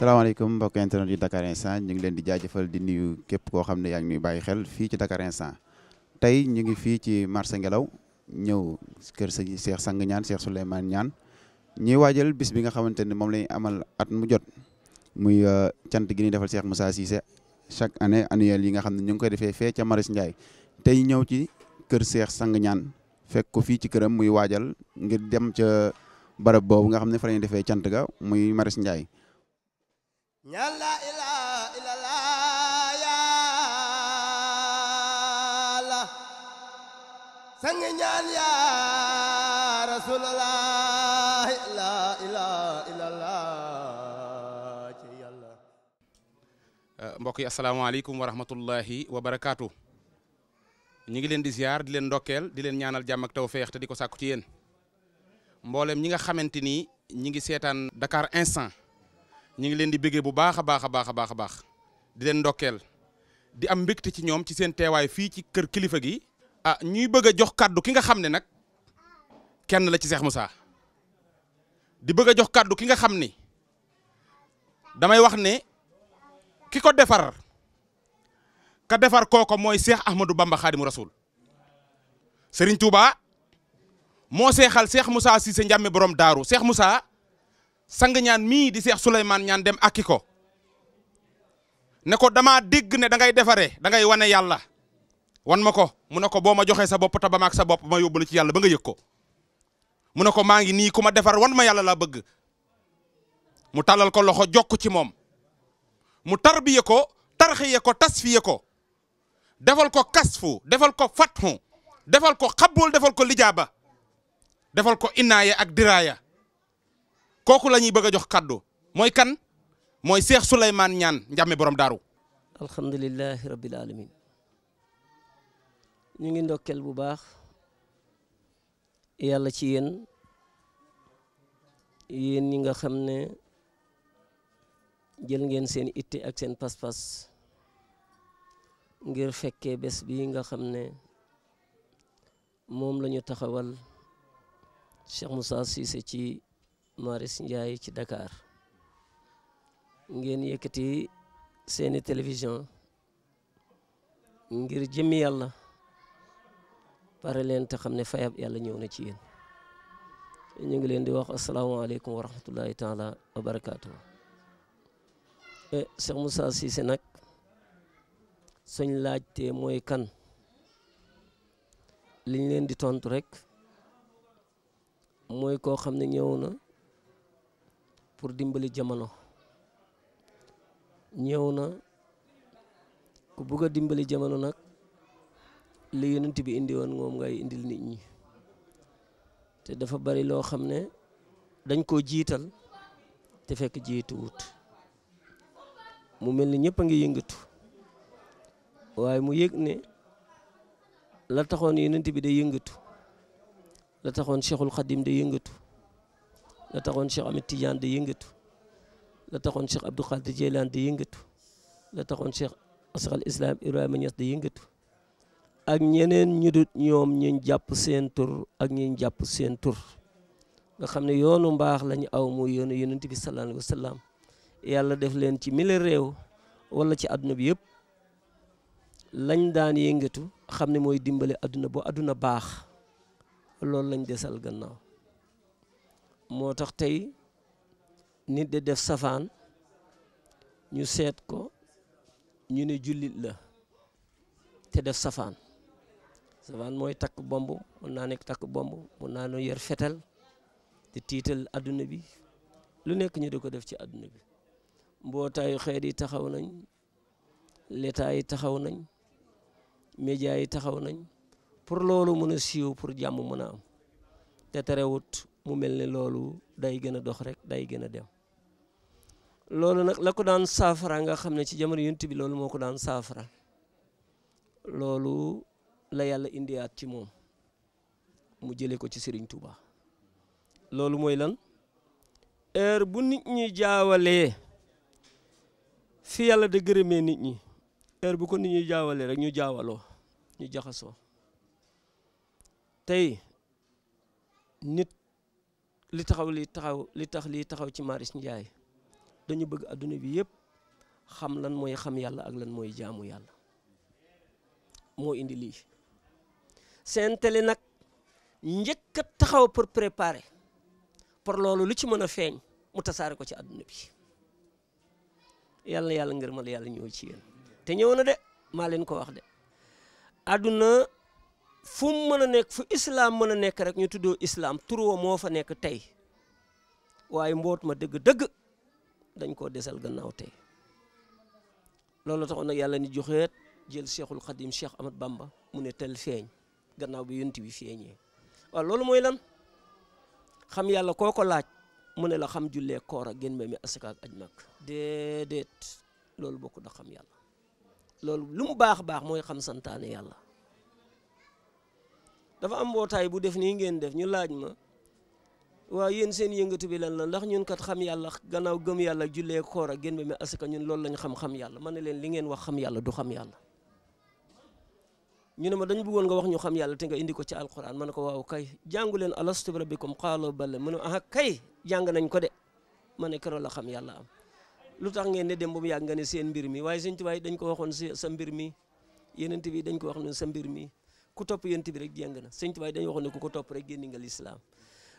assalamualaikum mbokk internet yu Dakar Instant ñu ngi leen di jaajeufal di nuyu képp ko xamne ne yaa ngi ñuy bàyyi xel fi ci Dakar Instant tay ñu ngi fi ci marché Ngelaw ñëw kër sëñ Cheikh Sang Ñaan Cheikh Souleymane Ñaan ñi wajjal bis bi nga xamanteni mom lay amal at mu jot muy euh, cant gi ni defal Cheikh Moussa Cissé chaque année annuel yi nga xamne ñu ngi koy defé fee ci Maris Ndiaye tay ñew ci kër Cheikh Sang Ñaan fekk ko fi ci këram muy wajjal ngir dem ci barab bobu nga xamne fa lay defé cant ga muy Maris Ndiaye Nyala la ilaha la ya la, ñaan ya rasulullah ila ila ila la yàlla ya eh, mbokk yi asalaamaaleykum wa rahmatullahi wa barakaatu ñi ngi leen di ziar di leen ndokkeel di leen ñaanal jàmm ak tawfeex te di ko ci yéen mboolem ñi nga ñi ngi Dakar instant ñu ngi leen di béggee bu baax a baax a baax a baax a baax di leen ndokkeel di am mbégte ci ñoom ci seen teewaay fii ci kër kilifa gi. ah ñuy bëgg a jox kàddu ki nga xam ne nag kenn la ci Cheikh Moussa di bëgg a jox kàddu ki nga xam ni damay wax ne ki ko defar ka defar kooko mooy Cheikh Ahmadou Bamba Khadimu Rasoul Serigne Touba moo seexal Cheikh Moussa si sa njàmme borom daaru Cheikh Moussa. sang ñaan mii di seex Souleymane ñaan dem akki ko ne ko damaa dégg ne da ngay defaree da ngay wane yàlla wan ma ko mu ne ko boo ma joxee sa bopp taba ma ak sa bopp ma yóbbu ci yàlla ba nga yëg ko mu ne ko maa ngi nii ku ma defar wan ma yàlla laa bëgg mu tàllal ko loxo jokk ci moom mu tarbiye ko tarxiye ko tasfiye ko defal ko kasfu defal ko fathu defal ko xabul defal ko lijaaba defal ko inaaya ak diraaya koku lañuy bëgg jox kàddu moy kan moy Cheikh Souleymane ñaan Ndiamé borom daru alhamdullilah rabbil alamin ñu ngi ndokkel bu baax yalla ci yeen yeen ñi nga ite jël ngeen seen ak seen pas-pas ngir fekke bes bi nga xam mom lañu taxawal Cheikh Moussa Cissé ci Maris Ndiaye ci Dakar ngeen yëkkati seeni télévision ngir jëmmi yàlla pare leen te xam ne fayab yàlla ñëw na ci yéen ñu ngi leen di wax asalaamaaleykum wa rahmatullahi taala wa barakaatu. E, Cheikh Moussa Cissé nag suñ laajtee mooy kan liñ leen di tontu rek mooy koo xam ne ñëw na. pour dimbali jamono ñëw na ku bugg a dimbali jamono nag li yonent bi indi woon moom ngay indil nit ñi te dafa bari loo xam ne dañ koo jiital te fekk jiituwut mu mel ni ñëpp a ngi yëngatu waaye mu yëg ne la taxoon yonent bi day yëngatu la taxoon Cheikhul Khadim day yëngatu la taxoon Cheikh Ahmed Tidiane di taxoon Cheikh Abdou Khadir di yëngatu la taxoon Cheikh Asxal al Islam Ibrahima Niass di yëngatu ak ñeneen ñu dut ñoom ñu jàpp seen tur ak ñu jàpp seen tur nga xam ne yoonu mbaax lañu aw muy yoonu yonent bi sallallahu alayhi wa yàlla def leen ci mille réew wala ci àdduna bi yëpp lañ daan yëngatu xam ne mooy dimbale àdduna boo àdduna baax loolu lañ desal gannaaw moo tax tey nit de def safaan ñu seet ko ñu ne jullit la te def safaan safaan mooy takk bomb mun naa nekk takk bomb mun naa noo yor fetal te tiital adduna bi lu nekk ñu di ko def ci adduna bi mbootaayu xeet yi taxaw nañ l'état yi taxaw nañ média yi taxaw nañ pour loolu mën a siiw pour jàmm mën a am te terewut mu mel ni loolu day gën a dox rek day gën a dem loolu nag la ko daan saafara nga xam ne ci jamono yonent bi loolu moo ko daan saafara loolu la yàlla indiyaat ci moom mu jëlee ko ci Serigne Touba loolu mooy lan heure bu nit ñi jaawalee fi yàlla de gërëmee nit ñi heure bu ko nit ñi jaawalee rek ñu jaawaloo ñu jaxasoo tey nit li taxaw li taxaw li tax li taxaw ci Maris Ndiaye dañu bëgg adduna bi yëpp xam lan mooy xam yàlla ak lan mooy jaamu yàlla moo indi lii seen tele nag njëkk taxaw pour préparer pour loolu lu ci mën a feeñ mu tasaare ko ci adduna bi yàlla yàlla ngërmal yàlla ñëw ci yéen te ñëw na de maa ko wax de adduna fu mu mën a nekk fu islaam mën a nekk rek ñu tuddoo islaam turoo moo fa nekk tey waaye mboot ma dëgg-dëgg dañ koo desal gannaaw tey loolu taxoon nag yàlla ni joxeet jël cheikhul xadim cheikh Ahmad Bamba mu ne tel feeñ gannaaw bi yonent bi feeñee waaw loolu mooy lan xam yàlla koo ko laaj mu ne la xam jullee koor ak gén mi asaka ak aj mag déedéet loolu bokku da xam yàlla loolu lu mu baax baax mooy xam santaane yàlla dafa am mbootaay bu def nii ngeen def ñu laaj ma waaw yéen seen yëngatu bi lan la ndax ñun kat xam yàlla gannaaw gëm yàlla jullee koor ak génn mi asaka ñun loolu lañ xam-xam yàlla ma ne leen li ngeen wax xam yàlla du xam yàlla ñu ne ma dañ bëggoon nga wax ñu xam yàlla te nga indi ko ci alquran ma ne ko waaw kay jàngu leen alastu bi rabbikum qaalu bala mu ne ah kay jàng nañ ko de ma ne keroog la xam yàlla am lu tax ngeen de dem ba mu nga ne seen mbir mi waaye Sëñ Tuubaa dañ ko waxoon sa mbir mi yeneen bi dañ ko wax ne sa mbir mi ku top yonent bi rek jàng na seigne tubaay dañ waxone ku ko top rek génn nga l'islam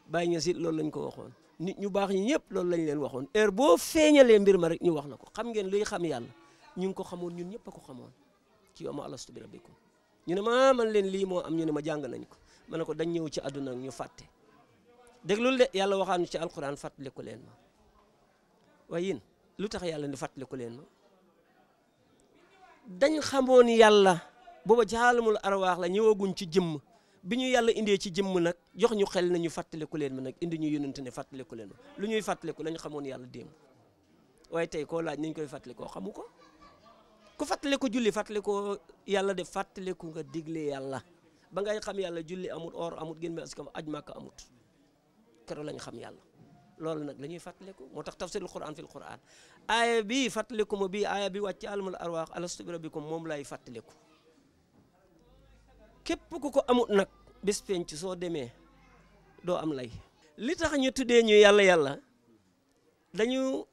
bay nga sit lolou lañ ko waxone nit ñu bax ñi ñep lolou lañ leen waxone heure bo feñale mbir ma rek ñu wax nako xam ngeen luy xam yalla ñu ngi ko xamone ñun ñep ko xamone ci yow ma alastu bi rabbikum ñu ne ma ah, man leen li mo am ñu ne ma jang nañ ko ko dañ ñew ci aduna ñu deg lolou de yalla waxaanu ci alquran ko leen ma waaye yéen lu tax yàlla leen ma dañ xamone yalla booba jaalumul arwaax la ñëwaguñ ci jëmm bi ñu yàlla indee ci jëmm nag jox ñu xel nañu fàttaliku leen ma nag indi ñu yonent ne fàttaliku leen ma lu ñuy fàttaliku lañ xamoon yàlla démb waaye tey koo laaj nañ koy fàttalikoo xamu ko ku fàttaliku julli fàttalikoo yàlla de fàttaliku nga digle yàlla ba ngay xam yàlla julli amut or amut gën mi askam aj màkka amut keroog xam yàlla loolu nag la ñuy fàttaliku moo tax tafsirul quran fil quran aaya bii fàttaliku ma bii aaya bi wàcc alamul arwaax alastu bi rabbikum moom lay fàttaliku képp ku ko amut nag bés soo demee doo am lay li tax ñu tuddee ñu yàlla yàlla dañu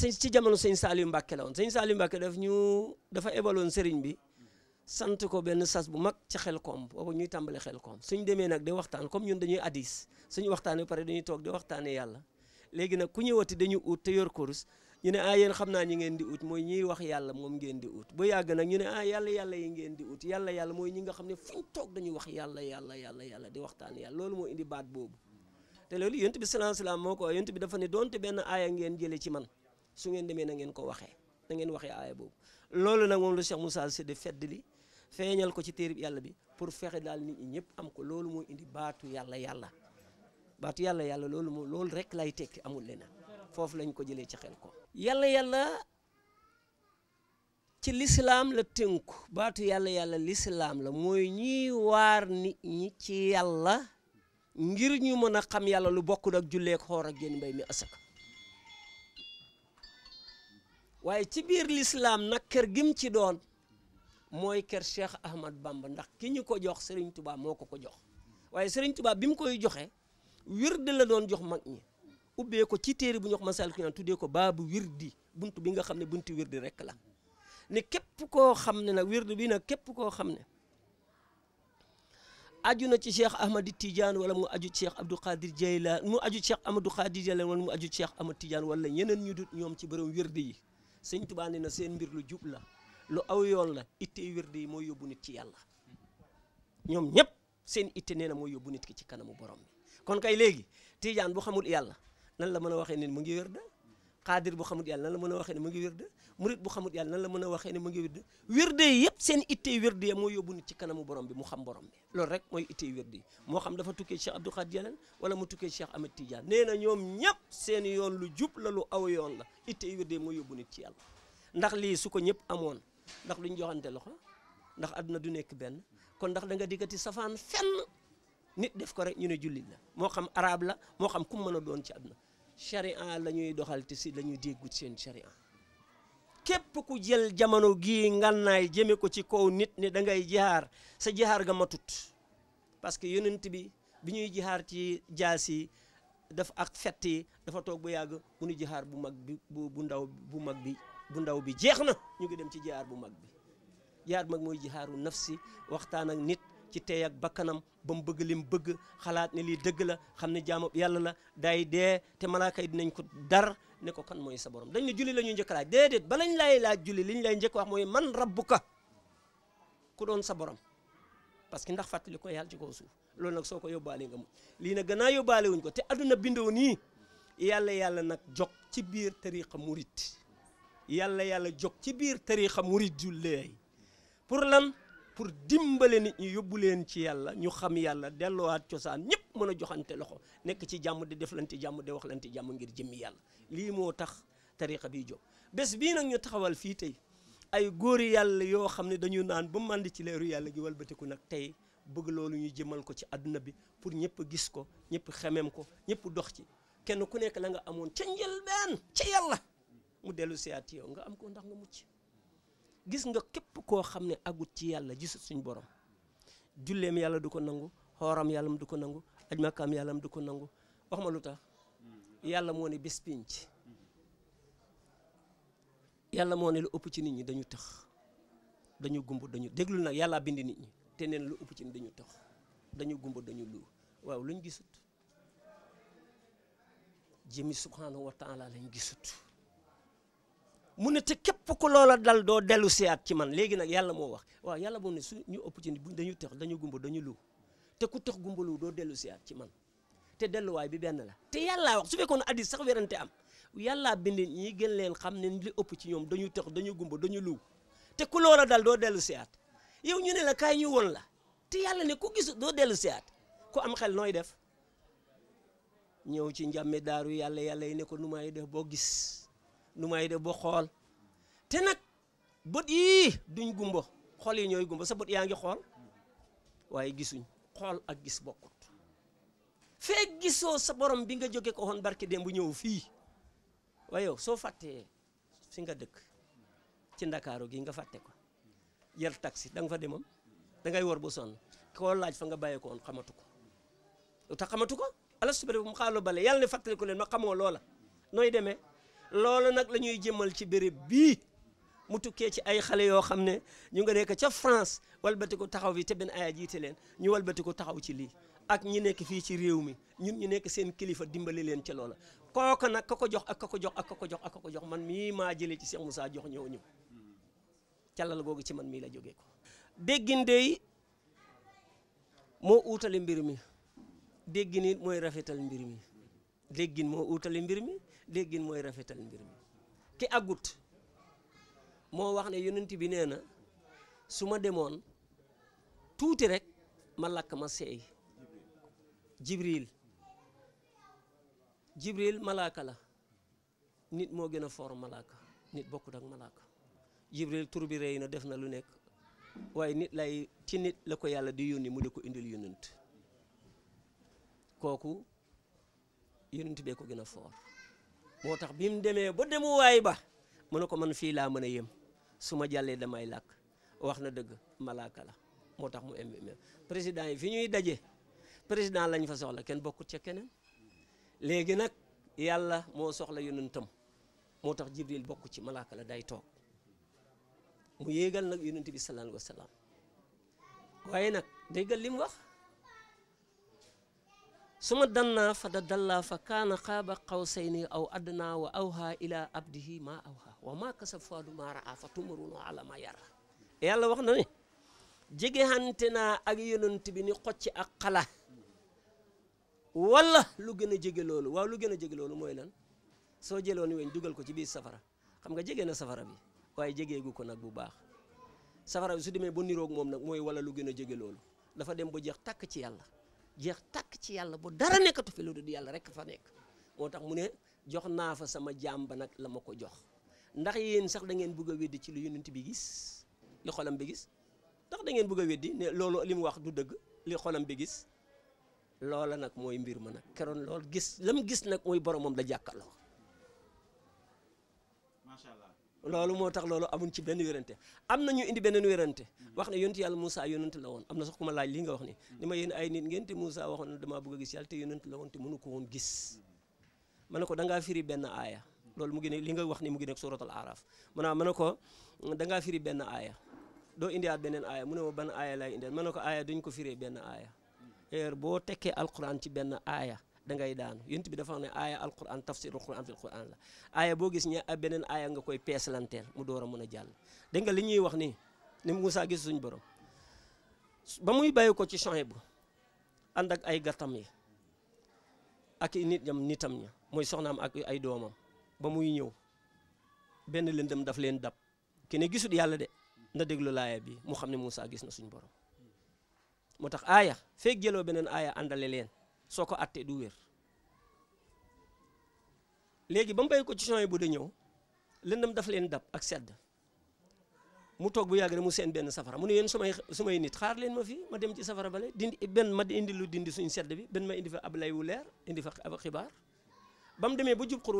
sëñ ci jamono sëñ Saliou Mbacke la woon sëñ Saliou Mbacke daf ñu dafa ebaloon sëriñ bi sant ko benn sas bu mag ci xel koom boobu ñuy tàmbale xel koom suñ demee nag di waxtaan comme ñun dañuy addis suñu waxtaanee pare dañuy toog di waxtaanee yàlla léegi nag ku ñëwati dañu ut te yor kurus ñu ne ah yéen xam naa ñi ngeen di ut mooy ñuy wax yàlla moom ngeen di ut ba yàgg nag ñu ne ah, yàlla yàlla yi ngeen di ut yàlla yàlla mooy ñi nga xam ne fuñ toog dañuy wax yàlla yàlla yàlla yàlla di waxtaan yàlla loolu moo indi baat boobu te loolu yonent bi moo ko yonent bi dafa ne doonte benn aaya ngeen jëlee ci man su ngeen demee na ngeen ko waxee na waxee aaya boobu loolu nag moom la Cheikh Moussa Sy de fedd li feeñal ko ci téerib yàlla bi pour fexe daal ñëpp am ko loolu moo indi baatu yàlla yàlla baatu yàlla yàlla loolu moo loolu rek lay tekki amul leneen foofu lañ ko jëlee ci xel ko yàlla yàlla ci lislaam la tënku baatu yàlla yàlla lislaam la mooy ñuy waar ni ñi ci yàlla ngir ñu mën a xam yàlla lu bokkul ak julleek xoor ak génn mbay mi asaka waaye ci biir lislaam nag kër gim ci doon mooy kër Cheikh Ahmad Bamba ndax ki ñu ko jox sëriñ tubaa moo ko ko jox waaye Serigne Touba bi mu koy joxe wird la doon jox mag ñi ubbee ko ci téere bu ñu wax Masaalikul Jinaan tuddee ko baabu wirdi buntu bi nga xam ne buntu wirdi rek la ne képp koo xam ne nag wirdi bi nag képp koo xam ne aju na ci cheikh Ahmadi Tidiane wala mu aju cheikh Abdou Khadir Jaylaan mu aju cheikh Amadou Khadir Jaylaan wala mu aju cheikh Ahmad Tidiane wala ñeneen ñu dut ñoom ci borom wirdi yi sëñ Tuubaa na seen mbir lu jub la lu aw yoon la ittee wirdi mooy yóbbu nit ci yàlla ñoom ñëpp seen ite nee na mooy yóbbu nit ki ci kanamu borom bi kon kay léegi Tidiane bu xamul yàlla. nan la mën a waxee ni mu ngi wér da xaadir bu xamut yàlla nan la mën a waxee ni mu ngi wér da murit bu xamut yàlla nan la mën a waxee ni mu ngi wér da wér seen ittey wér moo yóbbu nit ci kanamu borom bi mu xam borom bi loolu rek mooy ittey wér de moo xam dafa tukkee Cheikh Abdou Khadre Jilani wala mu tukkee Cheikh Ahmed Tidiane nee na ñoom ñëpp seen yoon lu jub la lu aw yoon la ittey wér de moo yóbbu nit ci yàlla ndax lii su ko ñëpp amoon ndax duñ joxante loxo ndax àdduna du nekk benn kon ndax da nga diggati safaan fenn nit def ko rek ñu ne jullit la moo xam arab la moo xam ku mën a doon ci àdduna sharia la ñuy doxal te si la ñuy déggut seen sharia képp ku jël jamono gii ngànnaay jëme ko ci kaw nit ni da ngay jihaar sa jihaar ga matut parce que yonent bi bi ñuy jihaar ci jaas daf ak fett yi dafa toog bu yàgg mu nu jihaar bu mag bi bu ndaw bu mag bi bu ndaw bi ñu ngi dem ci bu mag bi mag nafsi waxtaan ak nit ci tey ak bakkanam ba mu bëgg lim bëgg xalaat ne lii dëgg la xam ne jaamu yàlla na day dee te malaaka yi dinañ ko dar ne ko kan mooy sa borom dañ ne julli la ñuy njëkk laaj déedéet balañ laay laaj julli liñ lay njëkk wax mooy man rabbuka ku doon sa borom parce que ndax fàttali ko yàlla ci ko suuf loolu nag soo ko yóbbaale nga mu lii nag gannaaw yóbbaale wuñ ko te adduna bindoo nii yàlla yàlla nag jog ci biir tariqa murit yàlla yàlla jog ci biir tariqa murit julleey pour lan pour dimbale nit ñi yóbbu leen ci yàlla ñu xam yàlla delluwaat cosaan ñëpp mën a joxante loxo nekk ci jàmm di deflante jàmm di waxlante jàmm ngir jëmmi yàlla lii moo tax tariqa bi jóg bés bii nag ñu taxawal fii tey ay góor yàlla yoo xam ne dañu naan ba mànd ci leeru yàlla gi walbatiku nag tey bëgg loolu ñu jëmal ko ci àdduna bi pour ñëpp gis ko ñëpp xemem ko ñëpp dox ci kenn ku nekk la nga amoon ca njëlbeen ca yàlla mu dellu siyaat yow nga am ko ndax nga mucc gis nga képp koo xam ne agut ci yàlla gisut suñ borom julleem yàlla du ko nangu xooram yàllam du ko nangu aj yàlla yàllam du ko nangu wax ma lu tax yàlla moo ne yàlla moo ne lu ëpp ci nit ñi dañu tax dañu gumb dañu déglu nag yàlla bind nit ñi te neen lu ëpp ci nit dañu tax dañu gumb dañu lu waaw luñ gisut jëmi subhanahu wa taala lañ gisut mun ne te képp ku loola dal doo dellu siyaat ci man léegi nag yàlla moo wax waa yàlla boo ne su ñu ëpp ci buñ dañu tex dañu gumba dañu lu te ku tex gumba doo dellu siyaat ci man te delluwaay bi benn la te yàllaa wax su fekkoon addis sax werante am yàllaa bind ñi gën leen xam ne li ëpp ci ñoom dañu tex dañu gumba dañu lu te ku loola dal doo dellu siyaat yow ñu ne la kaay ñu woon la te yàlla ne ku gisu doo dellu siyaat ku am xel nooy def ñëw ci njàmme daaru yàlla yàlla yi ne nu may def boo gis nu may de boo xool te nag bët yii duñ gumba xool yi ñooy gumba sa bët yaa ngi xool waaye gisuñ xool ak gis bokkut feek gisoo sa borom bi nga jóge ko woon barke dem bu ñëw fii waaye yow soo fàttee fi nga dëkk ci ndakaaru gi nga fàtte ko yar taxi da nga fa demam da ngay war bu sonn koo laaj fa nga bàyyee ko woon xamatu ko lu tax xamatu ko ala subhanahu mu xaalu bale yàlla ne fàttali ko leen ma xamoo loola nooy demee loolu nag la ñuy jëmal ci béréb bii mu tukkee ci ay xale yoo xam ne ñu nga nekk ca France walbatiku taxaw bi te benn aya jiite leen ñu walbatiku taxaw ci lii ak ñu nekk fii ci réew mi ñun ñu nekk seen kilifa dimbale leen ca loola kooka nag ka ko jox ak ko jox ak ko jox ak ko jox man mii maa jëlee ci Cheikh Moussa jox ñëw ñëw calal googu ci man mii la jógee ko déggin dey moo uutale mbir mi déggin mooy rafetal mbir mi déggin moo uutale mbir mi déggin mooy rafetal mbir mi ki àggut moo wax ne yonent bi nee na su ma demoon tuuti rek ma lakk ma seey jibril jibril malaaka la nit moo gën a foor malaaka nit bokkut ak malaaka jibril tur bi rëy na def na lu nekk waaye nit lay ci nit la ko yàlla di yónni mu di ko indil yonent kooku yonent bee ko gën a foor moo tax bi mu demee ba demuwaay ba mu ne ko man fii laa mën a yem su ma jàllee damay làkk wax na dëgg malaakala moo tax mu mm président yi fi ñuy daje président lañ fa soxla kenn bokkut ca keneen léegi nag yàlla moo soxla yonentam moo tax jibril bokk ci malaaka la day toog mu yéegal nag yonent bi sallallahu alayhi wa sallam waaye nag déggal li mu wax suma dannaa fa da dallaa fa kaana xaaba qawsayni aw adnaa wa awha ila abdihi ma awha wa ma kasab faadu ma raa fa tumarunu ala ma yara yàlla wax na ne jegehante naa ak yonent bi ni xocc ak xala wala lu gën a jege loolu waaw lu gën a jege loolu mooy lan soo jëloon weñ dugal ko ci biir safara xam nga jege na safara bi waaye jegeegu ko nag bu baax safara bi su demee bu niroog moom nag mooy wala lu gën a jege loolu dafa dem ba jeex tàkk ci yàlla jeex tàkk ci yàlla bu dara nekkatu fi lu dul yàlla rek fa nekk moo tax mu ne jox naa fa sama jaam ba nag la ma ko jox ndax yéen sax da ngeen bëgg a weddi ci lu yonent bi gis li xolam bi gis ndax da ngeen bëgg a weddi ne loolu li mu wax du dëgg li xolam bi gis loola nag mooy mbir ma nag keroon loolu gis lam gis nag mooy boromam la jàkkaarloo loolu moo tax loolu amuñ ci benn wérante am na ñu indi beneen wérante wax ne yonent yàlla Moussa yonent la woon am na sax ku ma laaj li nga wax ni ni ma yéen ay nit ngeen te Moussa wax na damaa bëgg a gis yàlla te yonent la woon te mënu ko woon gis ma ne ko da ngaa firi benn aaya loolu mu ngi ne li nga wax ni mu ngi nekk suratul araf a naa ah, ma ne ko da firi benn aaya doo indiwaat beneen aaya mu ne ma ban aaya laay indiwaat ma ne ko aaya duñ ko firee benn aaya heure boo tekkee alquran ci benn aaya dangay ngay daanu yent bi dafa wax ne aaya alquran tafsirul quran fil quran la aaya boo gis ña beneen aaya nga koy peeslanteel mu door a mën a jàll dégg nga li ñuy wax nii ni Moussa gis suñu borom ba muy bàyyi ko ci champs bu ànd ak ay gàttam yi nit ñam nitam ña mooy soxnaam ak ay doomam ba muy ñëw benn lëndëm daf leen dab ki gisu gisul yàlla de na déglu laaya bi mu xam ne Moussa gis na suñu borom moo tax aaya feeg jëloo beneen aaya àndale leen soo ko attee du weer léegi ba mu bàyyi ko ci champs bu da ñëw lëndam daf leen dab ak sedd mu toog bu yàgg rek mu seen benn safara mu ne yenn sumay sumay nit xaar leen ma fii ma dem ci safara bale dindi benn ma indi lu dindi suñ sedd bi benn ma indi ab lay wu indi fa ab xibaar ba mu demee ba jub xur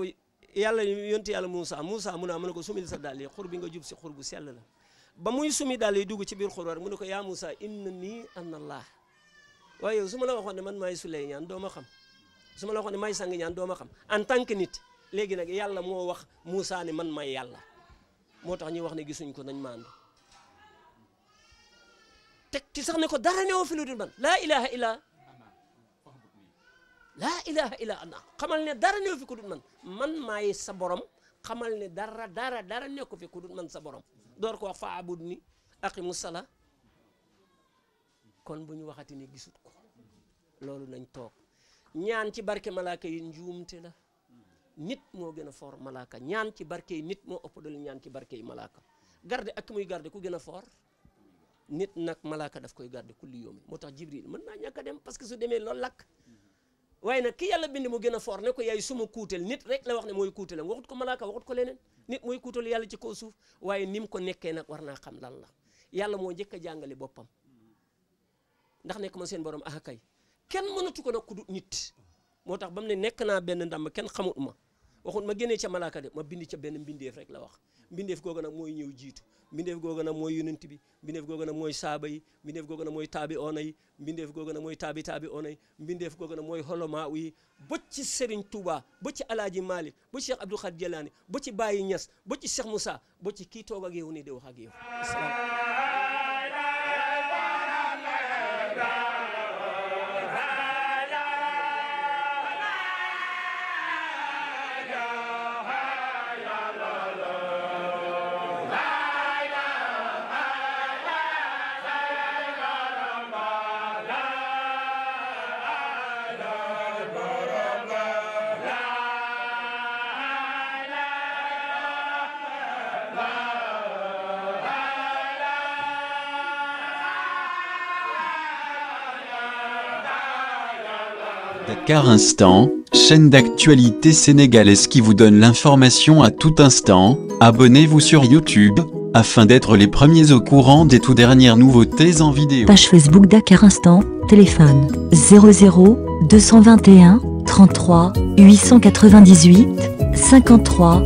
yàlla yonti yàlla Moussa Moussa mun naa mu ne ko sumil sa dàll yi bi nga jub si xur bu sell la ba muy sumi dàll yi dugg ci biir xur war mu ne ko yaa Moussa inna nii an allah waaye yow su ma la waxoon ne man maay suley ñaan doo ma xam su la waxoon ne maay sang ñaan doo ma xam en tant que nit léegi nag yàlla moo wax Moussa ne man may yàlla moo tax ñuy wax ne gisuñ ko nañ maandu te ci sax ne ko dara ne woo fi lu dul man laa ilaha illa laa ilaha illa ana xamal ne dara neew fi ku man man maay sa borom xamal ne dara dara dara nekku fi ku man sa borom door ko wax fa abud ni aqimu kon bu ñu waxati ne gisut ko loolu nañ toog ñaan ci barke malaaka yi njuumte la nit moo gën a foor malaaka ñaan ci barke yi nit moo ëpp doole ñaan ci barke yi malaaka garde ak muy garde ku gën a foor nit nag malaaka daf koy garde kulli yoomi moo tax jibril mën naa ñàkk a parce que su demee loolu lakk waaye nag ki yàlla bind mu gën a foor ne ko yaay suma kuutal nit rek la wax ne mooy kuutalam waxut ko malaaka waxut ko leneen nit mooy kuutal yàlla ci kaw suuf waaye ni mu ko nekkee nag war naa xam lan la yàlla moo njëkk a jàngale boppam ndax nekk ma seen borom ah kay kenn mënatu ko nag ku nit moo tax ba mu ne nekk naa benn ndam kenn xamut ma waxut ma génnee ca malaaka de ma bind ca benn mbindeef rek la wax mbindeef googu nag mooy ñëw jiitu mbindeef googu na mooy yonent bi mbindeef googu nag mooy saaba yi mbindeef googu nag mooy taabi oona yi mbindeef googu nag mooy taabi taabi oona yi mbindeef googu nag mooy xolomaaw yi ba ci Serigne Touba ba ci Alaaji Malik ba ci Cheikh Abdou Khadre Jelaani ba ci Baye Niass ba ci Cheikh Moussa ba ci kii toog ak nii di wax ak yow Car Instant, chaîne d'actualité sénégalaise qui vous donne l'information à tout instant. Abonnez-vous sur YouTube, afin d'être les premiers au courant des tout dernières nouveautés en vidéo. Page Facebook Dakar Instant, téléphone 00 221 33 898 53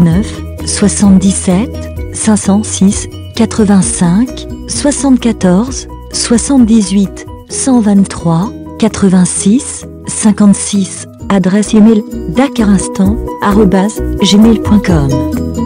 09 77 506 85 74 78 123 86 56 adresse email gmail.com